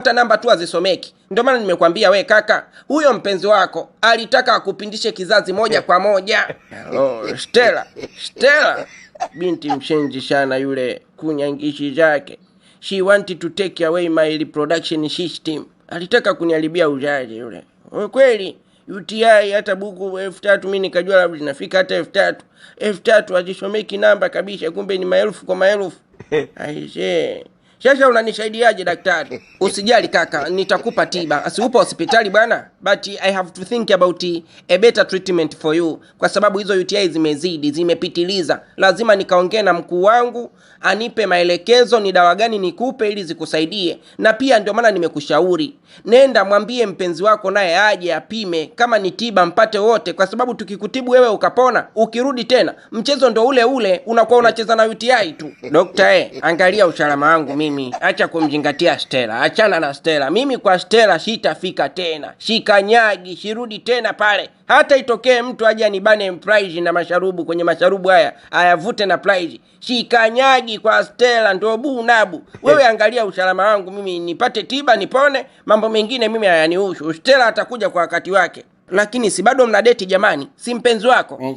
hata namba tu hazisomeki. Ndio maana nimekwambia we kaka, huyo mpenzi wako alitaka akupindishe kizazi moja kwa moja. Hello, oh, Stella, Stella binti mshenji sana yule, kunyangishi zake. She wanted to take away my reproduction system, alitaka kuniharibia uzazi yule. Kweli UTI hata buku elfu tatu mi nikajua labda inafika hata elfu tatu elfu tatu hazisomeki namba kabisa, kumbe ni maelfu kwa maelfu aisee. Shasha, unanishaidiaje daktari? Usijali kaka, nitakupa tiba. Asiupo hospitali bwana, but I have to think about a better treatment for you, kwa sababu hizo UTI zimezidi, zimepitiliza. Lazima nikaongee na mkuu wangu anipe maelekezo ni dawa gani nikupe ili zikusaidie, na pia ndio maana nimekushauri, nenda mwambie mpenzi wako naye aje apime, kama ni tiba mpate wote, kwa sababu tukikutibu wewe ukapona, ukirudi tena mchezo ndo ule ule, unakuwa unacheza na UTI tu. Dokta eh, angalia usalama wangu mimi mimi, acha kumzingatia Stela, achana na Stela. Mimi kwa Stela sitafika tena, shikanyagi, shirudi tena pale. Hata itokee mtu aje anibane prize na masharubu kwenye masharubu haya ayavute na prize, shikanyagi kwa Stela ndo bunabu. Wewe eh. angalia usalama wangu mimi, nipate tiba nipone, mambo mengine mimi hayanihusu. Stela atakuja kwa wakati wake lakini si bado mna deti jamani? Si mpenzi wako?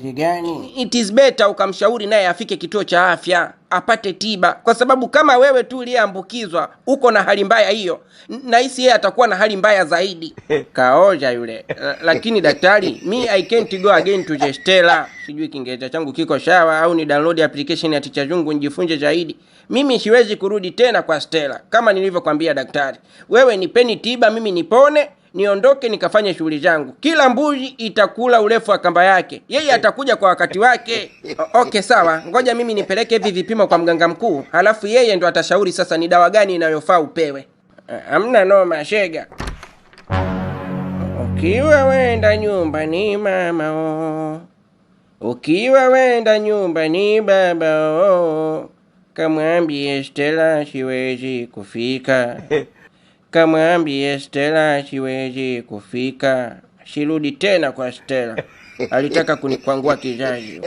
It is better ukamshauri naye afike kituo cha afya apate tiba, kwa sababu kama wewe tu uliyeambukizwa uko na hali mbaya hiyo, nahisi yeye atakuwa na hali mbaya zaidi. Kaoja yule. Eh, lakini daktari, mi I can't go again to Jestela. Sijui Kiingereza changu kiko shawa au ni download application ya Ticha Zungu nijifunze zaidi. Mimi siwezi kurudi tena kwa Stella kama nilivyokwambia daktari. Wewe nipeni tiba, mimi nipone niondoke nikafanye shughuli zangu. Kila mbuzi itakula urefu wa kamba yake, yeye eh. atakuja kwa wakati wake. okay, sawa, ngoja mimi nipeleke hivi vipimo kwa mganga mkuu, halafu yeye ndo atashauri sasa ni dawa gani inayofaa upewe. Eh, hamna noma, shega. Ukiwa wenda nyumba ni mama o, ukiwa wenda nyumba ni baba o, kamwambie stela siwezi kufika. kamwambie Stela siwezi kufika, sirudi tena kwa Stela, alitaka kunikwangua kizazi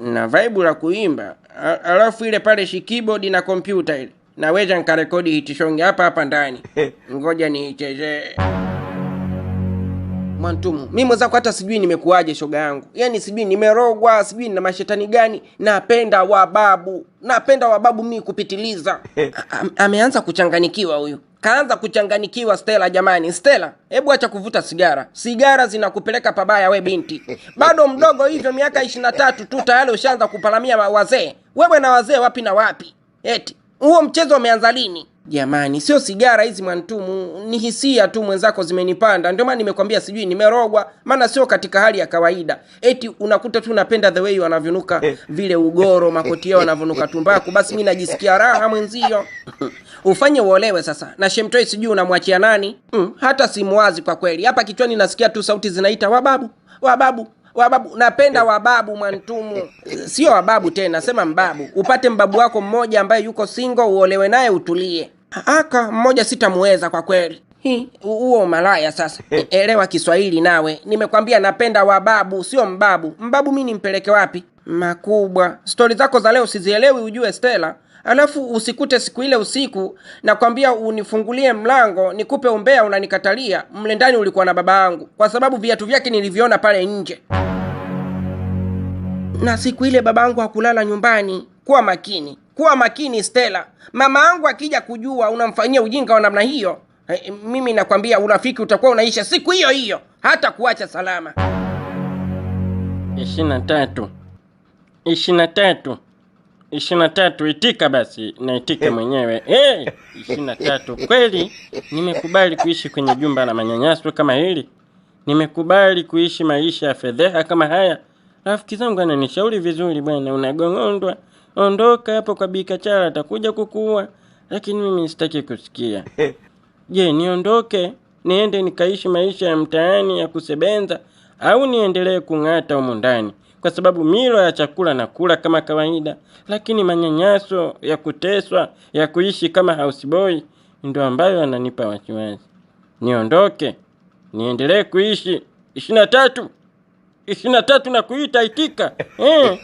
na vaibu la kuimba alafu ile pale shi keyboard na kompyuta ile naweza nkarekodi hitisonge hapa hapa ndani, ngoja niichezee. Mwantumu, mimi mwenzako hata sijui nimekuaje shoga yangu, yaani sijui nimerogwa, sijui nina mashetani gani. Napenda wababu, napenda wababu mimi kupitiliza. Ameanza kuchanganikiwa huyu, kaanza kuchanganikiwa. Stella jamani, Stella, hebu acha kuvuta sigara, sigara zinakupeleka pabaya. We binti bado mdogo hivyo, miaka ishirini na tatu tu tayari ushaanza kupalamia wazee. Wewe na wazee wapi na wapi? Eti huo mchezo umeanza lini? Jamani, sio sigara hizi mwantumu, ni hisia tu mwenzako zimenipanda. Ndio maana nimekwambia sijui nimerogwa, maana sio katika hali ya kawaida. Eti unakuta tu napenda the way wanavyonuka vile ugoro, makoti yao wanavyonuka tumbaku, basi mi najisikia raha mwenzio. Ufanye uolewe sasa na Shemtoi, sijui unamwachia nani? Mm, hata simwazi kwa kweli. Hapa kichwani nasikia tu sauti zinaita wababu, wababu wababu, napenda eh. wababu mwantumu, sio wababu tena, sema mbabu. Upate mbabu wako mmoja ambaye yuko singo uolewe naye utulie. Aka mmoja sitamuweza kwa kweli. Huo malaya sasa. Eh. E, elewa Kiswahili nawe, nimekwambia napenda wababu sio mbabu. Mbabu mi nimpeleke wapi? Makubwa, stori zako za leo sizielewi, ujue stela alafu usikute siku ile usiku nakwambia unifungulie mlango nikupe umbea unanikatalia mle ndani ulikuwa na baba yangu kwa sababu viatu vyake nilivyoona pale nje na siku ile baba yangu hakulala nyumbani kuwa makini kuwa makini stela mama yangu akija kujua unamfanyia ujinga wa namna hiyo e, mimi nakwambia urafiki utakuwa unaisha siku hiyo hiyo hata kuacha salama ishina na tatu tatu ishirina na tatu itika basi, naitika eh. mwenyewe hey, eh, tatu Kweli nimekubali kuishi kwenye jumba la manyanyaso kama hili, nimekubali kuishi maisha ya fedheha kama haya. Rafiki zangu ananishauri vizuri, bwana, unagongondwa, ondoka hapo kwa bikachara, atakuja kukuua. Lakini mimi sitaki kusikia. Je, niondoke niende nikaishi maisha ya mtaani ya kusebenza, au niendelee kung'ata humu ndani? kwa sababu milo ya chakula na kula kama kawaida, lakini manyanyaso ya kuteswa ya kuishi kama houseboy ndio ambayo yananipa wasiwasi. Niondoke niendelee kuishi ishirini na tatu ishirini na tatu na kuita itika eh.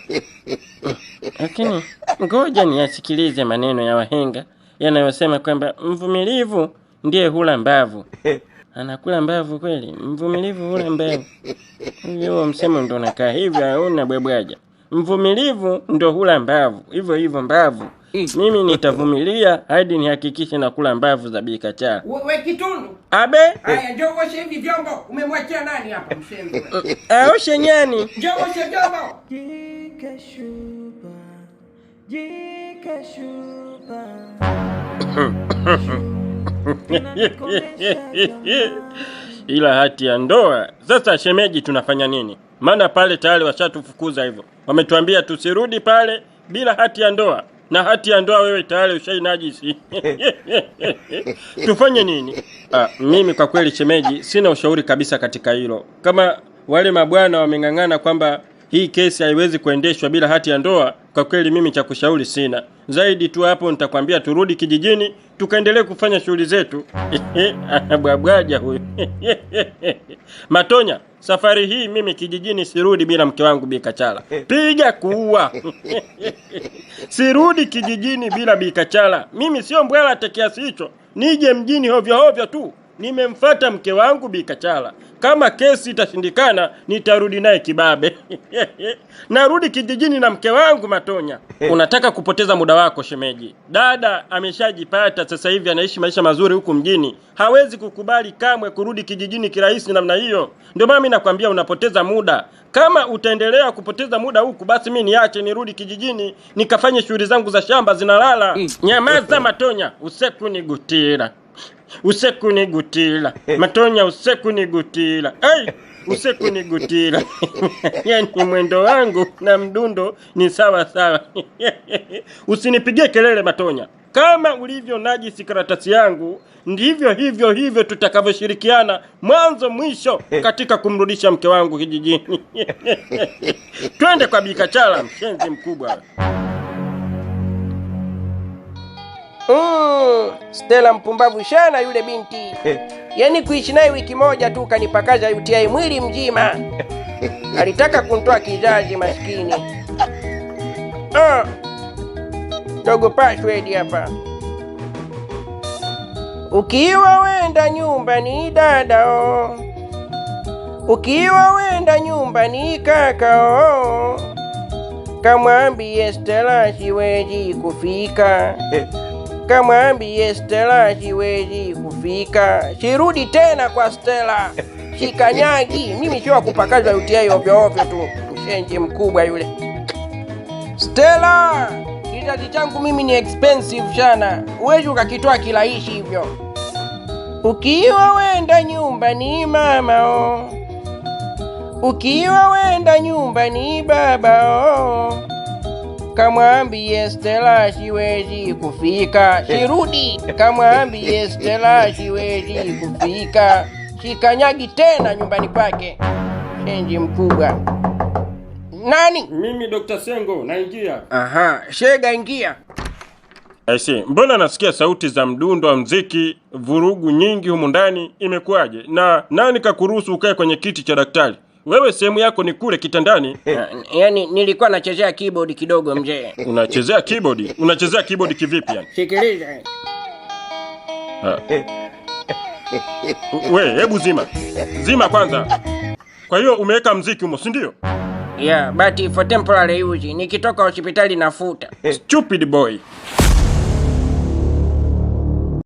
Lakini ngoja niyasikilize maneno ya wahenga yanayosema kwamba mvumilivu ndiye hula mbavu. anakula mbavu kweli, mvumilivu ule mbavu. Hivyo huo msemo ndo unakaa hivyo, hauna bwebwaja. Mvumilivu ndo hula mbavu, hivyo hivyo mbavu. Mimi nitavumilia hadi nihakikishe nakula mbavu za Bi Kachara. Wewe kitundu. Abe. Haya njoo oshe hivi vyombo. Umemwachia nani hapa mshenzi? Aoshe nyani. Njoo oshe vyombo. Jikashuba. Jikashuba. ila hati ya ndoa sasa, shemeji, tunafanya nini? Maana pale tayari washatufukuza hivyo, wametuambia tusirudi pale bila hati ya ndoa, na hati ya ndoa wewe tayari ushainajisi. tufanye nini? Ah, mimi kwa kweli shemeji, sina ushauri kabisa katika hilo. Kama wale mabwana wameng'ang'ana kwamba hii kesi haiwezi kuendeshwa bila hati ya ndoa, kwa kweli mimi cha kushauri sina zaidi tu hapo. Nitakwambia turudi kijijini tukaendelee kufanya shughuli zetu. Bwabwaja huyu Matonya, safari hii mimi kijijini sirudi bila mke wangu bikachala Piga kuua! Sirudi kijijini bila bikachala Mimi sio mbwela hata kiasi hicho, nije mjini hovyo hovyo tu nimemfata mke wangu Bi Kachala, kama kesi itashindikana nitarudi naye kibabe. Narudi kijijini na mke wangu Matonya. Unataka kupoteza muda wako shemeji. Dada ameshajipata sasa hivi, anaishi maisha mazuri huku mjini, hawezi kukubali kamwe kurudi kijijini kirahisi namna hiyo. Ndio maana mimi nakwambia unapoteza muda. Kama utaendelea kupoteza muda huku, basi mimi niache nirudi kijijini nikafanye shughuli zangu za shamba zinalala. Mm. Nyamaza Matonya, usetuni gutira usekunigutila matonya usekunigutila hey! usekunigutila yani mwendo wangu na mdundo ni sawa sawa usinipigie kelele matonya kama ulivyo najisi karatasi yangu ndivyo hivyo hivyo tutakavyoshirikiana mwanzo mwisho katika kumrudisha mke wangu kijijini twende kwa bikachala mshenzi mkubwa Mm, Stella mpumbavu shana yule binti eh. yaani kuishi naye wiki moja tu kanipakaza UTI mwili mjima Alitaka kuntoa kizazi maskini. Oh, dogo password hapa. Ukiwa wenda nyumba ni dada o, ukiwa wenda nyumba ni kaka o, kamwambie Stella siwezi kufika eh kamwambie Stela siwezi kufika, sirudi tena kwa Stela shikanyagi mimi, sio kupakaza UTI ovyo ovyo tu, mshenji mkubwa yule. Stela, kizazi changu mimi ni expensive sana, uwezi ukakitoa kirahisi hivyo. Ukiwa wenda nyumba ni mama o, ukiwa wenda nyumba ni baba o Kamwambie Stella siwezi kufika, sirudi. Kamwambie Stella siwezi kufika, sikanyagi tena nyumbani kwake. Shenji mkubwa nani? Mimi Dr. Sengo naingia. Aha, Shega ingia. Aisi, mbona nasikia sauti za mdundo wa mziki, vurugu nyingi humu ndani, imekuwaje? Na nani kakuruhusu ukae kwenye kiti cha daktari? Wewe sehemu yako ni kule kitandani. Ah, yaani nilikuwa nachezea keyboard kidogo mzee. Unachezea keyboard? Unachezea keyboard kivipi yani? Sikiliza. Ah. We, hebu zima. Zima kwanza. Kwa hiyo umeweka mziki humo, si ndio? Yeah, but for temporary use. Nikitoka hospitali nafuta. Stupid boy.